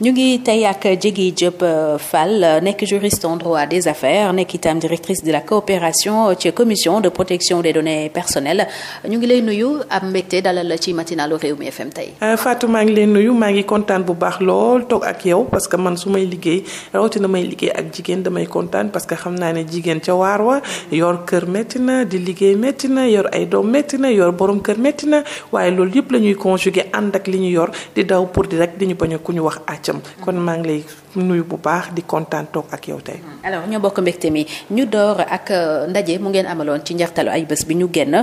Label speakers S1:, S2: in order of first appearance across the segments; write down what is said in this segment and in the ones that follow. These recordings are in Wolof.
S1: ñu ngi tey ak Diegui jëpp euh, Fall nekk juriste en droit des affaires nekk itam directrice de la coopération ci commission de protection des données personnelles ñu ngi lay nuyu am mbégte dalal ci matinalu Rewmi FM tey.
S2: Euh, Fatou maa ngi lay nuyu maa ngi kontaan bu baax lool toog ak yow parce que man su may liggéey rawatina may liggéey ak jigéen damay kontaan parce que xam naa ne jigéen ca waar wa yor kër métti na di liggéey métti na yor ay doom métti na yor borom kër métti na waaye loolu yëpp la ñuy conjuguer ànd li ñu yor di daw di rek di ñu bañ ku ñu wax àcc wàccam kon maa ngi lay nuyu bu baax di kontaan toog ak yow tey.
S1: alors ñoo bokk mbégte mi ñu door ak euh, ndaje mu ngeen amaloon ci njeextalu ay bés bi ñu génn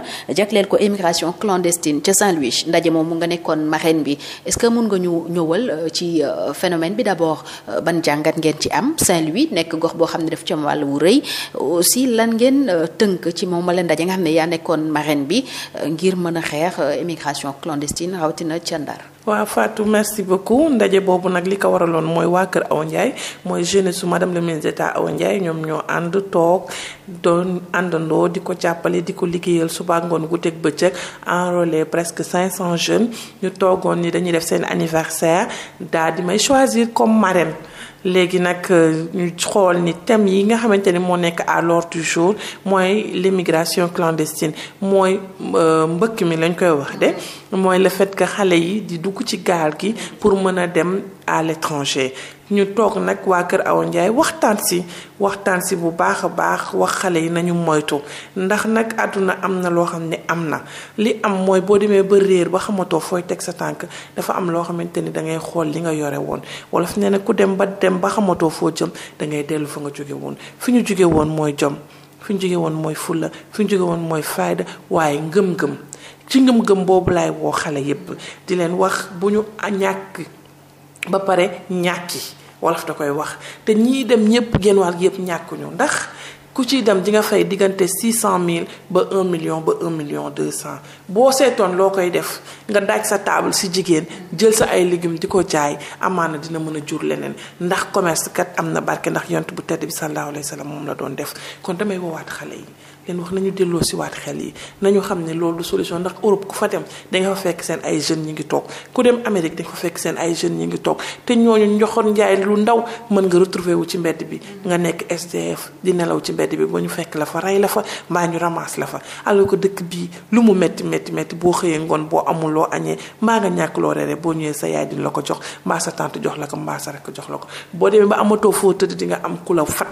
S1: leen ko immigration clandestine ca Saint-Louis ndaje moom mu nga nekkoon marraine bi est-ce que mun nga ñu ñëwal euh, ci euh, phénomène bi d'abord ban jàngat ngeen ci am Saint-Louis nekk gox boo xam ne daf ci wàll wu rëy aussi lan ngeen tënk ci moom ma leen ndaje nga xam ne yaa nekkoon marraine bi ngir mën a xeex immigration clandestine rawatina ca Ndar.
S2: waaw Fatou merci beaucoup ndaje boobu nag li ko waraloon mooy waa kër aw Awa mooy jeunesse su madame le ministre d'État Awa Ndiaye ñoom ñoo ànd toog doon àndandoo di ko jàppale di ko liggéeyal suba ngoon guddeeg bëccëg enrôlé presque 500 jeunes ñu toogoon ni dañuy def seen anniversaire daal di may choisir comme marraine. léegi nag euh, ñu xool ni thème yi nga xamante ni moo nekk à l'ordre du jour mooy l'immigration clandestine mooy euh, mbëkk mi lañ koy wax de mooy le fait que xale yi di dugg ci gaal gi pour mën a dem à l'étranger ñu toog nag waa kër aw Ndiaye waxtaan si waxtaan si bu baax a baax wax xale yi nañu moytu ndax nag àdduna am na loo xam ne am na li am mooy boo demee ba réer ba xamatoo fooy teg sa tànk dafa am loo xamante ni da ngay xool li nga yore woon wolof nee na ku dem ba dem ba xamatoo foo jëm da ngay dellu fa nga jóge woon fi ñu jóge woon mooy jom fi ñu jóge woon mooy fulla fi ñu jóge woon mooy fayda waaye ngëm-ngëm ci ngëm-ngëm boobu laay woo xale yépp di leen wax bu ñu ñàkk ba pare ñàkki wolof da koy wax te ñii dem ñëpp genn wàll yëpp ñàkkuñu ndax ku ciy dem di nga fay diggante cent mille ba un million ba un million deux 200 boo seetoon loo koy def nga daaj sa table si jigéen jël sa ay légumes di ko jaay na dina mën a jur leneen ndax commerce am na barke ndax yont bu tedd bi sallallahu alayhi wa sallam moom la doon def kon damay woowaat xale yi. leen wax nañu delloo si waat xel yi nañu xam ne loolu solution ndax Europe ku fa dem da nga fa fekk seen ay jeunes ñi ngi toog ku dem Amérique da fa fekk seen ay jeunes ñi ngi toog te ñooñu njoxoon njaay lu ndaw mën nga retrouver wu ci mbedd bi nga nekk SDF di nelaw ci mbedd bi ba ñu fekk la fa rey la fa mbaa ñu ramasse la fa alors ko dëkk bii lu mu metti metti metti boo xëyee ngoon boo amul loo añee mbaa nga ñàkk loo reere boo ñëwee sa yaay dina la ko jox mbaa sa tante jox la ko mbaa sa rek jox la ko boo demee ba amatoo foo tëdd di nga am ku fat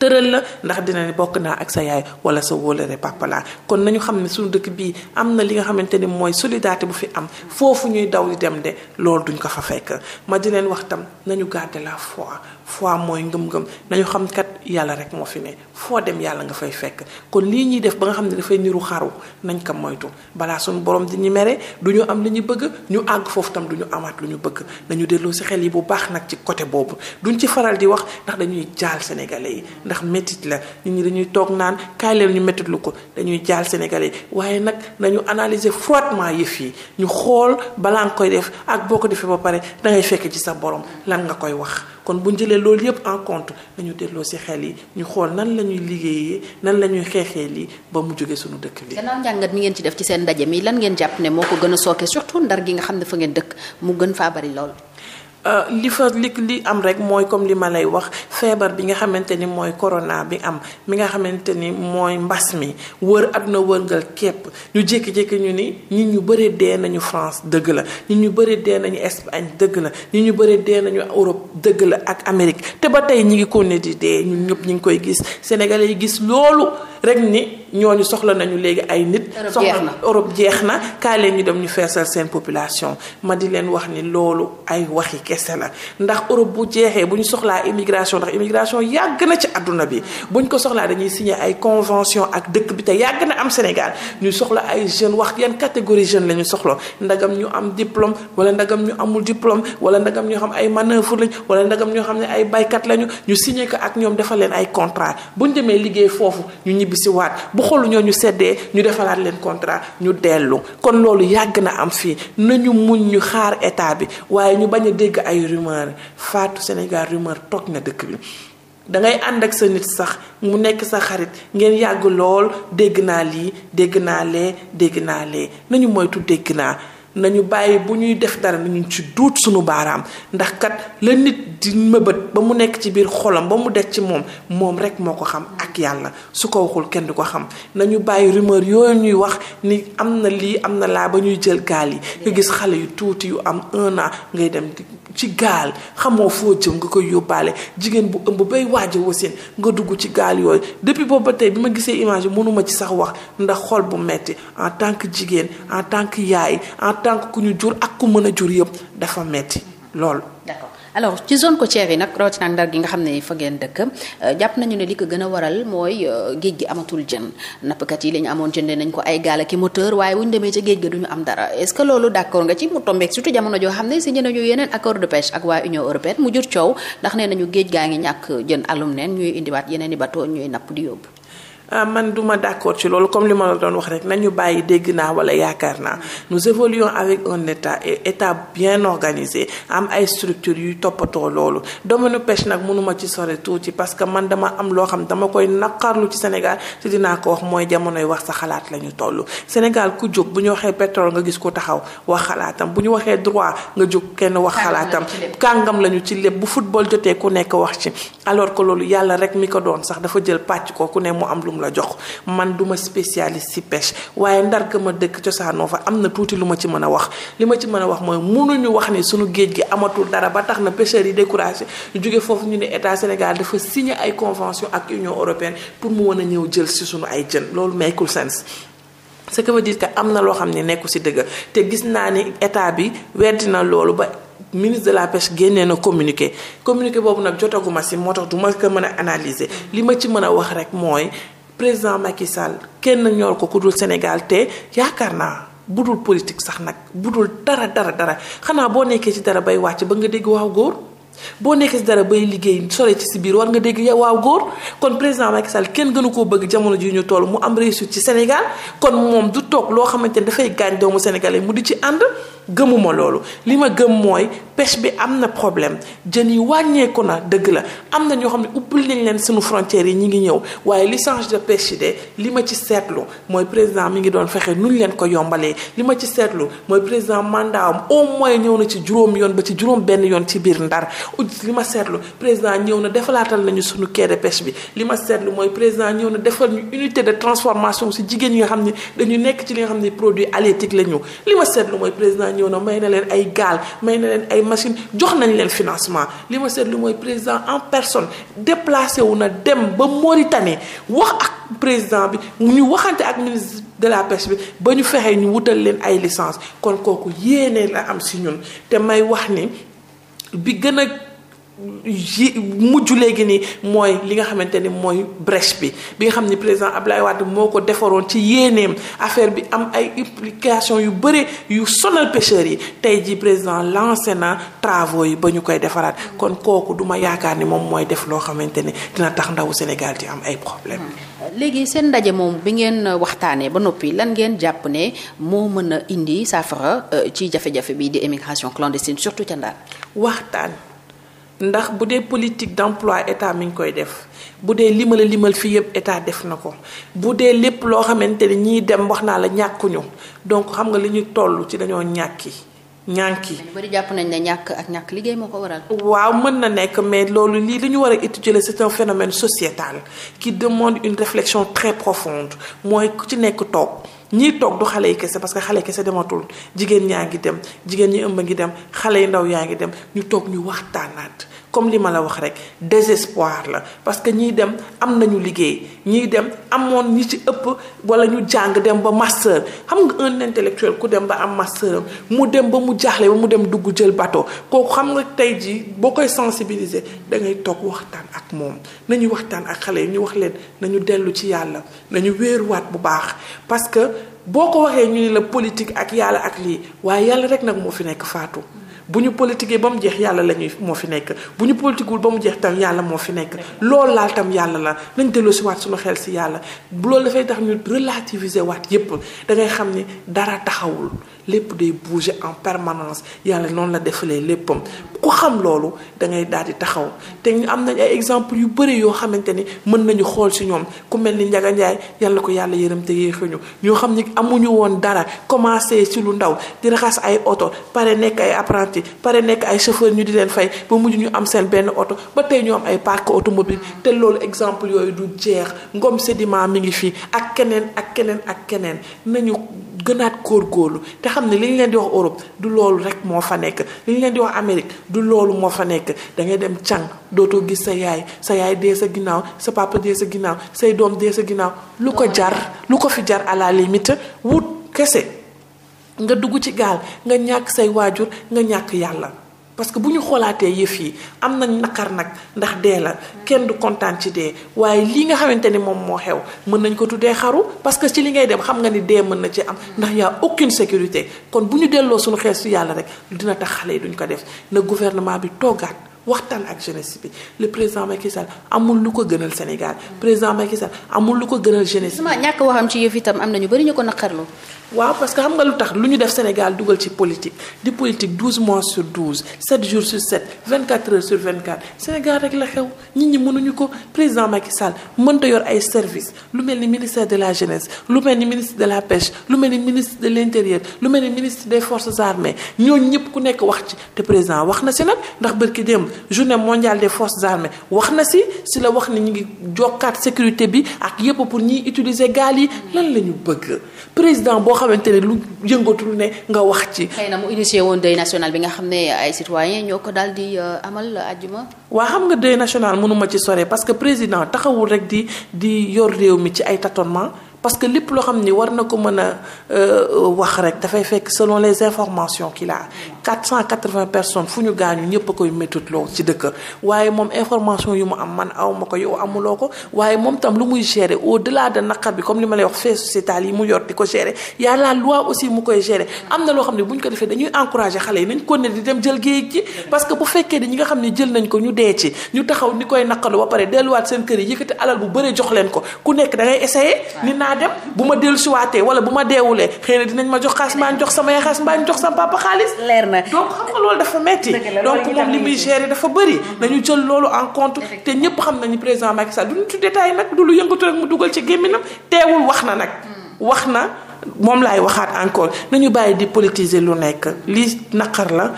S2: tëral la ndax dina ne bokk naa ak sa yaay wala sa wóolare papa kon nañu xam ne suñu dëkk bii am na li nga xamante ni mooy solidarité bu fi am foofu ñuy daw di dem de lool duñ ko fa fekk ma di leen wax tam nañu garder la foi fois mooy ngëm-ngëm nañu xam kat yàlla rek moo fi ne foo dem yàlla nga fay fekk kon lii ñuy def ba nga xam ne dafay niru xaru nañ ko moytu balaa suñu borom di ñu mere du ñu am li ñu bëgg ñu àgg foofu tam du ñu amaat lu ñu bëgg nañu delloo si xel yi bu baax nag ci côté boobu duñ ci faral di wax ndax dañuy jaal sénégalais yi ndax métit la nit ñi dañuy toog naan kaay ñu métit lu ko dañuy jaal sénégalais waaye nag nañu analyser froidement yëf yi ñu xool balaa nga koy def ak boo ko defee ba pare dangay fekk ci sa borom lan nga koy wax kon bu njëlee loolu yëpp en compte ñu delloo si xel yi ñu xool nan la ñuy liggéeyee nan la ñuy xeexee lii ba mu jógee sunu dëkk bi.
S1: gannaaw njàngat mi ngeen ci def ci seen ndaje mi lan ngeen jàpp ne moo ko gën a sooke surtout ndar gi nga xam ne fa ngeen dëkk mu gën faa bari lool
S2: Euh, li fa li li am rek mooy comme li ma lay wax feebar bi nga xamante ni mooy corona bi am mi nga xamante ni mooy mbas mi wër àdduna wërngal képp ñu jékki-jékki ñu ni nit ñu bëri dee nañu France dëgg la nit ñu bëri dee nañu Espagne dëgg la nit ñu bëri dee nañu Europe dëgg la ak Amérique te ba tey ñi ngi continuer di dee ñun ñëpp ñu ngi koy gis sénégalais yi gis loolu rek ni. ñooñu soxla nañu léegi ay nit. soxla Europe jeex na kaay leen ñu dem ñu feesal seen population ma di leen wax ni loolu ay waxi kese la ndax Europe bu jeexee bu ñu soxlaa immigration ndax immigration yàgg na ci àdduna bi bu ñu ko soxlaa dañuy signé ay convention ak dëkk bi te yàgg na am Sénégal ñu soxla ay jeunes wax yan catégorie jeune la ñu soxla ndagam ñu am diplôme wala ndagam ñu amul diplôme wala ndagam ñoo xam ay manœuvre lañ wala ndagam ñoo xam ne ay baykat lañu ñu signé ko ak ñoom defal leen ay contrat bu ñu demee liggéey foofu ñu ñibbisi bu xolu ñooñu seddee ñu defalaat leen contrat ñu dellu kon loolu yàgg na am fii nañu muñ ñu xaar état bi waaye ñu bañ a dégg ay rumeur faatu Sénégal rumeur toog na dëkk bi dangay ànd ak sa nit sax mu nekk sa xarit ngeen yàgg lool dégg naa lii dégg naa lee dégg naa lee nañu moytu dégg naa nañu bàyyi bu ñuy def dara nañu ci duut suñu baaraam ndax kat la nit di mëbët ba mu nekk ci biir xolam ba mu des ci moom moom rek moo ko xam ak yàlla su ko waxul kenn du ko xam nañu bàyyi rumeur yooyu ñuy wax ni am na lii am na laa ba ñuy jël gaal yi nga gis xale yu tuuti yu am un an ngay dem ci gaal xamoo foo jëm nga koy yóbbaale jigéen bu ëmb bay waaja wasin nga dugg ci gaal yooyu depuis boobu ba tey bi ma gisee image mënuma ci sax wax ndax xol bu metti en tant jigéen en tant yaay tant ku ñu jur ak ku mën a jur yëpp dafa metti loolu.
S1: d'accord alors ci zone côtière yi nag rawatina Ndar gi nga xam ne fa ngeen dëkk euh, jàpp nañu ne li ko gën a waral mooy euh, géej gi amatul jën nappkat yi la ñu amoon ne nañ ko ay gaal ak i moteur waaye bu ñu demee ca géej ga du ñu am dara est-ce que loolu d'accord nga ci mu tombeek surtout jamono joo xam ne signé nañu yeneen accord de pêche ak waa Union européenne mu jur coow ndax nee nañu géej gaa ngi ñàkk jën alum neen ñuy indiwaat yeneen i bateau
S2: napp di yóbbu. Ah, man duma d'accord ci loolu comme li ma la doon wax rek nañu bàyyi dégg naa wala yaakaar naa nous évoluons avec un état et état bien organisé am ay structures yuy toppatoo loolu domaine pêche nag mënuma ci sore tuuti parce que man dama am loo xam dama koy naqarlu ci Sénégal te dinaa ko wax mooy jamonoy wax sa xalaat la ñu toll Sénégal ku jóg bu ñu waxee pétrole nga gis ko taxaw wax xalaatam bu ñu waxee droit nga jóg kenn wax xalaatam kàngam lañu ci lépp bu football jotee ku nekk wax ci alors que yàlla rek mi ko doon sax dafa jël pàcc ko ku ne mu am lu moom la jox man duma ma spécialiste ci pêche waaye ndar ga ma dëkk cosaan cosaanoo fa am na tuuti lu ma ci mën a wax li ma ci mën a wax mooy mënuñu wax ni suñu géej gi amatul dara tax na pêcheurs yi découragé ñu foofu ñu ne état Sénégal dafa signé ay convention ak Union européenne pour mu mën a ñëw jël ci suñu ay jën loolu maykul sens ce que veut am na loo xam ne nekku ci dëgg te gis naa ni état bi weddi na loolu ba ministre de la pêche génnee na communiqué communiqué boobu nag jotaguma ci moo tax du ma ko mën a analyser li ma ci mën a wax rek mooy président Macky Sall kenn ñor ko ku dul Sénégal te yaakaar naa bu dul politique sax nag bu dul dara dara dara xanaa boo nekkee ci dara bay wàcc ba nga dégg waaw góor boo nekkee ci dara bay liggéey sore ci si biir war nga dégg waaw góor kon président Macky Sall kenn gënu koo bëgg jamono ji ñu toll mu am réussite ci Sénégal kon moom du toog loo xamante ne dafay gaañ doomu Sénégalais mu di ci ànd. gëmuma loolu li ma gëm mooy pêche bi am na problème jën yi wàññeeku na dëgg la am na ñoo xam ne ubbil nañ leen suñu frontières yi ñu ngi ñëw waaye licence de pêche yi de li ma ci seetlu mooy président mi ngi doon fexe nu ñu ko yombalee li ma ci seetlu mooy président mandat am au moins ñëw na ci juróom yoon ba ci juróom benn yoon ci biir ndar li ma seetlu président ñëw na defalaatal nañu suñu quai de bi li ma seetlu mooy président ñëw na defal ñu unité de transformation si jigéen ñi nga xam ne dañu nekk ci li nga xam ne produit halieutique la ñu li ma seetlu mooy président ñëw na may na leen ay gaal may na leen ay machine jox nañ leen financement li ma seet seetlu mooy président en personne déplacé wu na dem ba Mauritanie wax ak président bi ñu waxante ak ministre de la pêche bi ba ñu fexee ñu wutal leen ay licence kon kooku yéene la am si ñun te may wax ni bi gën a ji mujj léegi nii mooy li nga xamante ni mooy brèche bi bi nga xam ni président Ablaye Wade moo ko defaroon ci yéeneem affaire bi am ay implication yu bëri yu sonal pêcheurs yi tey ji président lancé na travaux yi ba ñu koy defaraat kon kooku duma yaakaar ni moom mooy def loo xamante ni dina tax ndawu Sénégal di am ay problème hmm.
S1: léegi seen ndaje moom bi ngeen waxtaanee ba noppi lan ngeen jàpp ne moo mën a indi saafara euh, ci jafe-jafe bi di émigration clandestine surtout ca Ndar waxtaan
S2: ndax bu dee politique d'emploi état mi ngi koy def bu dee limal limal fii yëpp état def na ko bu dee lépp loo xamante ni ñiy dem wax naa la ñàkkuñu donc xam nga li ñu toll ci dañoo ñàkki ñànki ñu bari jàpp nañ ne ñàkk ak ñàkk liggéey moo ko waral. waaw mën na nekk mais loolu lii li ñu war a étudier c'est un phénomène sociétal qui demande une réflexion très profonde mooy ku ci nekk toog. ñiy toog du xale yi kese parce que xale yi kese dematul jigéen ñaa ngi dem jigéen ñi ëmb ngi dem xale yu ndaw yaa ngi dem ñu toog ñu waxtaanaat comme li ma la wax rek désespoir la parce que ñiy dem am nañu liggéey ñiy dem amoon ñi ci ëpp wala ñu jàng dem ba master xam nga un intellectuel ku dem ba am master mu dem ba mu jaaxle ba mu dem dugg jël bateau kooku xam nga tey jii boo koy sensibiliser da ngay toog waxtaan ak moom nañuy waxtaan ak xale yi ñu wax leen nañu dellu ci yàlla nañu wéeruwaat bu baax parce que boo ko waxee ñu ni la politique ak yàlla ak lii waaye yàlla rek nag moo fi nekk faatu bu ñu politiquee ba mu jeex yàlla la ñuy moo fi nekk bu ñu politiquewul ba mu jeex tam yàlla moo fi nekk loolu laal tam yàlla la nañ delloo si waat suñu xel si yàlla loolu dafay tax ñu relativiser waat yépp da ngay xam ni dara taxawul lépp day bouger en permanence yàlla noonu la defalee léppam ku xam loolu dangay ngay daal di taxaw te ñu am nañ ay exemple yu bëri yoo xamante ni mën nañu xool si ñoom ku mel ni Njaga Njaay yàlla ko yàlla yërëm te yéexuñu ñoo xam ni amuñu woon dara commencé si lu ndaw di taxi pare nekk ay chauffeur ñu di leen fay ba mujj ñu am seen benn oto ba tey ñu am ay parc automobile te loolu exemple yooyu du jeex Ngom Sedima mu ngi fii ak keneen ak keneen ak keneen nañu gënaat góorgóorlu te xam ne li ñu leen di wax Europe du loolu rek moo fa nekk li ñu leen di wax Amérique du loolu moo fa nekk da ngay dem càng dootoo gis sa yaay sa yaay dee sa ginnaaw sa papa dee sa ginnaaw say doom dee sa ginnaaw lu ko jar lu ko fi jar à la nga dugg ci gaal nga ñàkk say waajur nga ñàkk yàlla parce que bu ñu xoolaatee yëf yi am nañ naqar nag ndax dee la kenn du kontaan ci dee waaye lii nga xamante ni moom moo xew mën nañ ko tuddee xaru parce que ci li ngay dem xam nga ni dee mën na ci am ndax y a aucune sécurité kon bu ñu delloo suñu xees si yàlla rek dina tax xale yi duñ ko def na gouvernement bi toogaat. waxtaan ak jeunesse bi le président Macky Sall amul lu ko gënal Sénégal président Macky Sall amul lu ko gënal jeunesse bi. ñàkk
S1: waxam ci yëf itam am na ñu bari ñu ko naqarlu.
S2: waaw parce que xam nga lu tax lu ñu def Sénégal dugal ci politique di politique 12 mois sur 12 7 jours sur 7 24 heures sur 24 Sénégal rek la xew nit ñi mënuñu ko président Macky Sall mënta yor ay services lu mel ni ministre de la jeunesse lu mel ni ministre de la pêche lu mel ni ministre de l' intérieur lu mel ni ministre des forces armées ñooñu ñëpp ku nekk wax ci te président wax na si nag ndax bërki démb journée mondiale des forces armées wax na si si la wax ni ñu ngi jokkaat sécurité bi ak yëpp pour ñiy utiliser gaal yi lan la ñu bëgg président boo xamante ne lu yëngatul ne nga wax ci. xëy
S1: na mu initié woon deuil national bi nga xam ne ay citoyens ñoo ko daal di euh, amal àjjuma.
S2: waa xam nga deuil national mënuma ci sore parce que président taxawul rek di di yor réew mi ci ay tatonement parce que lépp loo xam ni war na ko mën a euh, wax rek dafay fekk selon les informations qu'il a 480 personnes fu ñu gaañu ñëpp a koy méttitloo ci dëkk waaye moom information yu mu am man aw ma ko yow amuloo ko waaye moom tam lu muy gérer au delà de naqar bi comme li ma lay wax fait sociétal yi mu yor di ko gérer y a aussi mu koy gérer am na loo xam ne bu ñu ko defee dañuy encourager xale yi nañ ko ne di dem jël géej gi parce fekkee ne ñi nga xam ne jël nañ ko ñu dee ci ñu taxaw ni koy naqalu ba pare delluwaat seen kër yi yëkkati alal bu bëree jox leen ko ku nekk da naa dem bu ma dellu siwaatee wala bu ma deewulee xëy na dinañ ma jox xaas mbaa jox samay xaas mbaa jox sama papa xaalis. leer na donc xam nga loolu dafa metti donc moom li muy gérer dafa bëri. Mm-hmm. nañu jël loolu en compte te ñëpp xam nañu président Macky Sall duñu ci détail nag du lu yëngatu rek mu dugal ci gémminam teewul wax na nag. Mm. wax na moom laay waxaat encore nañu bàyyi di politiser lu nekk li naqar la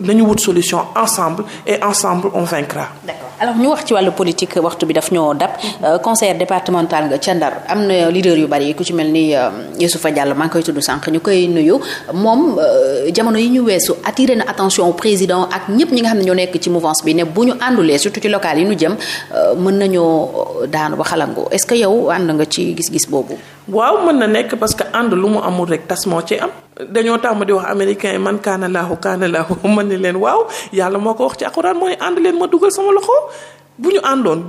S2: nañu wut solution ensemble et ensemble on vaincra. alors ñu wax ci wàllu politique waxtu bi daf
S1: ñoo dab euh, conseil départemental nga ca Ndar am na leader yu bari ku ci mel ni euh, Youssoufa fa jàll ngi koy tudd sànq ñu koy nuyu moom euh, jamono yi ñu weesu attiré na attention au président ak ñëpp ñi nga xam ne ñoo nekk ci mouvance bi ne bu ñu àndulee surtout ci local yi ñu jëm mën nañoo daanu ba xalangu
S2: est-ce que yow ànd nga ci gis-gis boobu waaw mën na nekk parce que ànd lu mu amul rek tas moo ci am dañoo tàmm di wax américain yi man kaana laahu kaana laahu man ni leen waaw yàlla moo ko wax ci alxuraan mooy ànd leen ma dugal sama loxo bu ñu àndoon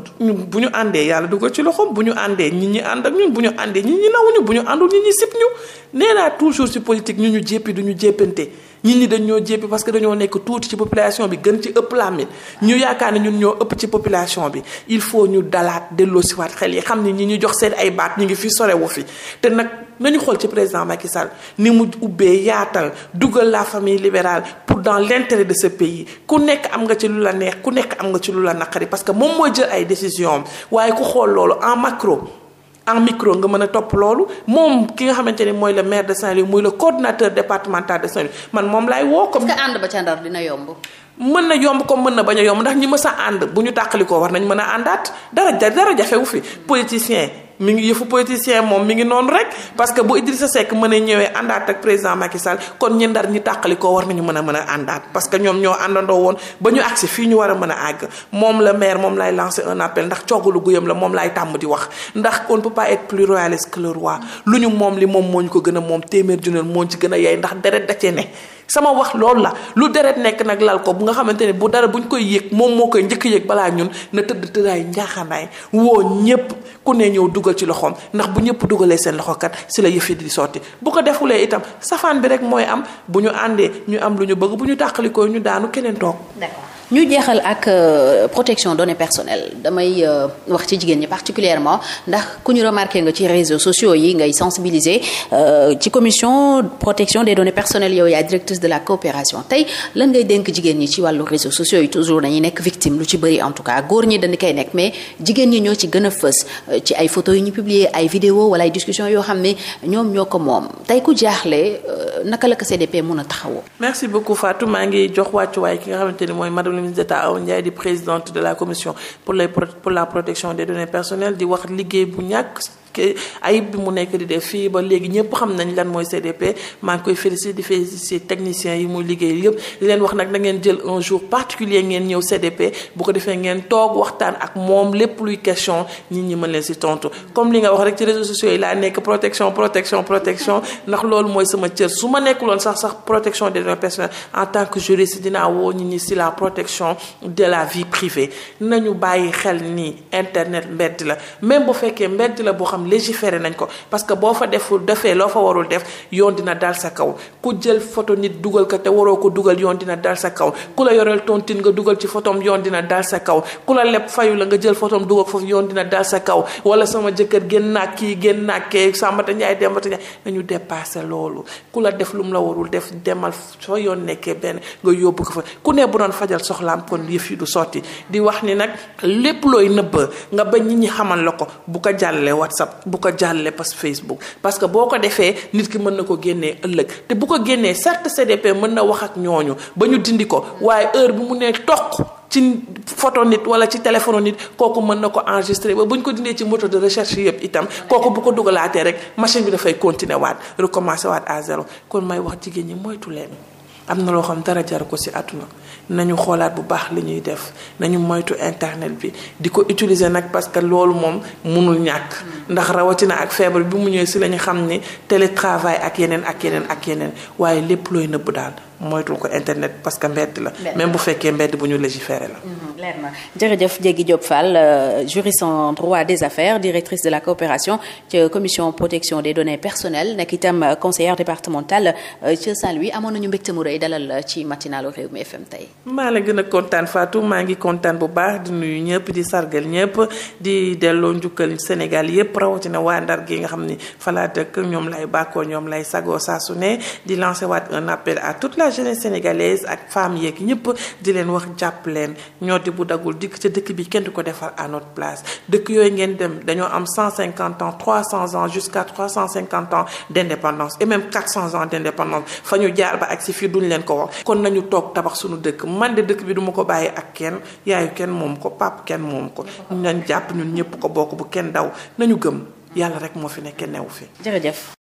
S2: bu ñu àndee yàlla dugal ci loxo bu ñu àndee ñi ñi ànd ak ñun bu ñu àndee ñi ñi nawuñu bu ñu àndul ñi ñi sib ñu nee naa toujours ci politique ñu ñu jéppi du ñu jéppante ñit ñi dañ ñoo jéppi parce que dañoo nekk tuuti ci population bi gën ci ëpp làmmiñ ñu yaakaar ne ñun ñoo ëpp ci population bi il faut ñu dalaat delloo si waat xel yi xam ni ñi ñu jox seen ay baat ñu ngi fi sorewu fi te nag nañu xool ci président Macky Sall ni mu ubbee yaatal dugal la famille libérale pour dans l'intérêt de ce pays ku nekk am nga ci lu la neex ku nekk am nga ci lu la naqari parce que moom mooy jël ay décision waaye ku xool loolu en macro en micro nga mën a topp loolu moom ki nga xamante ne mooy le maire de Saint-Louis muy la coordinateur départemental de Saint-Louis man moom laay woo. comme est-ce que ànd ba ca Ndar dina yomb. mën na yomb comme mën na bañ a yomb ndax ñi mës a ànd bu ñu tàqalikoo war nañ mën a àndaat dara dara jafewu fi politicien mi ngi yëfu politicien moom mi ngi noonu rek parce que bu Idrissa Seck mën a ñëwee àndaat ak président Macky Sall kon ñi ndar ñi tàqali ko war nañu mën a mën a àndaat parce que ñoom ñoo àndandoo woon ba ñu fii ñu war a mën a àgg moom la maire moom lay lancer un appel ndax coogalu guyam la moom lay tàmm di wax ndax on ne peut pas être plus royaliste que le lu ñu moom li moom moo ñu ko gën moom téeméer juneel moom ci gën a yey ndax deret da cee ne sama wax loolu la lu deret nekk nag lal ko bu nga xamante ne bu dara bu ñu koy yëg moom moo koy njëkk yëg balaa ñun na tëdd tëddaay njaaxanaay woo ñépp ku ne ñëw dugal ci loxoom ndax bu ñëpp dugalee seen loxo kat si la yëf di sotti bu ko defulee itam safaan bi rek mooy am bu ñu àndee ñu am lu ñu bëgg bu ñu tàqalikoo ñu daanu keneen toog. ñu jeexal
S1: ak euh, protection données personnelles damay euh, wax ci jigéen ñi particulièrement ndax ku ñu remarqué nga ci réseaux sociaux yi ngay sensibiliser euh, ci commission protection des données personnelles yow yaay directrice de la coopération tey lan ngay dénk jigéen ñi ci wàllu réseaux sociaux yi toujours dañuy nekk victime lu ci bëri en tout cas góor ñi dañu koy nekk mais jigéen ñi ñoo ci gën a fës ci ay photos yu ñu publier ay vidéo wala ay discussions yoo xam ne ñoom ñoo ko moom tey ko CDP mën a taxawoo.
S2: merci beaucoup Fatou maa ngi ministre d'État Awa Ndiaye di présidente de la commission pour la protection des données personnelles di wax liggéey bu ñàkk ayib bi mu nekk di def fii ba léegi ñëpp xam nañ lan mooy CDP maa ngi koy félicité di félicité techniciens yi muy liggéey yëpp di leen wax nag da ngeen jël un jour particulier ngeen ñëw CDP bu ko defee ngeen toog waxtaan ak moom lépp luy question nit ñi mën leen si tontu comme li nga wax rek ci réseaux sociaux yi laa nekk protection protection protection ndax loolu mooy sama cër su ma nekk loon sax sax protection de données personnelles en tant que juriste dinaa woo nit si la protection de la vie privée nañu bàyyi xel ni internet mbedd la xam légiféré nañ ko parce que boo fa deful defee loo fa warul def yoon dina dal sa kaw ku jël photo nit dugal ko te waroo ko dugal yoon dina dal sa kaw ku la yoreel tontine nga dugal ci photom yoon dina dal sa kaw ku la leb fayu la nga jël photom dugal foofu yoon dina dal sa kaw wala sama jëkkër génn naa kii génn naa kee Sambata Njaay Dembata Njaay nañu dépassé loolu ku la def lu mu la warul def demal soo yoon nekkee benn nga yóbbu ko fa ku ne bu doon fajal soxlaam kon yëf yi du sotti di wax ni nag lépp looy nëbb nga bañ nit ñi xamal la ko bu ko jàllale pas Facebook parce que boo ko defee nit ki mën na ko génnee ëllëg te bu ko génnee certes CDP mën na wax ak ñooñu ba ñu dindi ko waaye heure bu mu nee toq ci photo nit wala ci téléphone nit kooku mën na ko enregistré ba bu ñu ko dindee ci moto de recherche yëpp itam kooku bu ko dugalaatee rek machine bi dafay continuer waat recommencer waat à zéro kon may wax jigéen ñi moytu leen am na loo xam dara jar ko si àdduna nañu xoolaat bu baax li ñuy def nañu moytu internet bi di ko utiliser nag parce que loolu moom mënul ñàkk. ndax rawatina ak feebar bi mu ñëwee si la xam ni télétravail ak yeneen ak yeneen ak yeneen waaye lépp looy nëbb daal. moytul ko internet parce que mbedd la. même bu fekkee mbedd bu ñu légiférer la.
S1: Mm-hmm. leer na jërëjëf Diégui Diop Fall euh, juriste en droit des affaires directrice de la coopération ca commission protection des données personnelles nekk itam euh, conseillère départementale euh, ca Saint-Louis amoon nañu mbégte mu rëy dalal ci matinalu Rewmi FM tey.
S2: maa la gën a kontaan Fatou maa ngi kontaan bu baax di nuyu ñëpp di sargal ñëpp di delloo njukkal Sénégal yëpp rawatina waa Ndar gi nga xam ni fa laa ñoom lay bàkkoo ñoom lay sagoo saa su ne di lancer jeunesse sénégalaise ak femmes yeeg ñëpp di leen wax jàpp leen ñoo di bu dagul dikk ca dëkk bi kenn du ko defar à notre place dëkk yooyu ngeen dem dañoo am 150 ans 300 ans jusqu'à 350 ans d'indépendance et même 400 ans d'indépendance fa ñu jaar ba ak si fii duñ leen ko wax kon nañu toog tabax suñu dëkk man de dëkk bi duma ko bàyyi ak kenn yaayu kenn moom ko pap kenn moom ko nañ jàpp ñun ñëpp ko bokk bu kenn daw nañu gëm yàlla rek moo fi nekk newu fi
S1: jërëjëf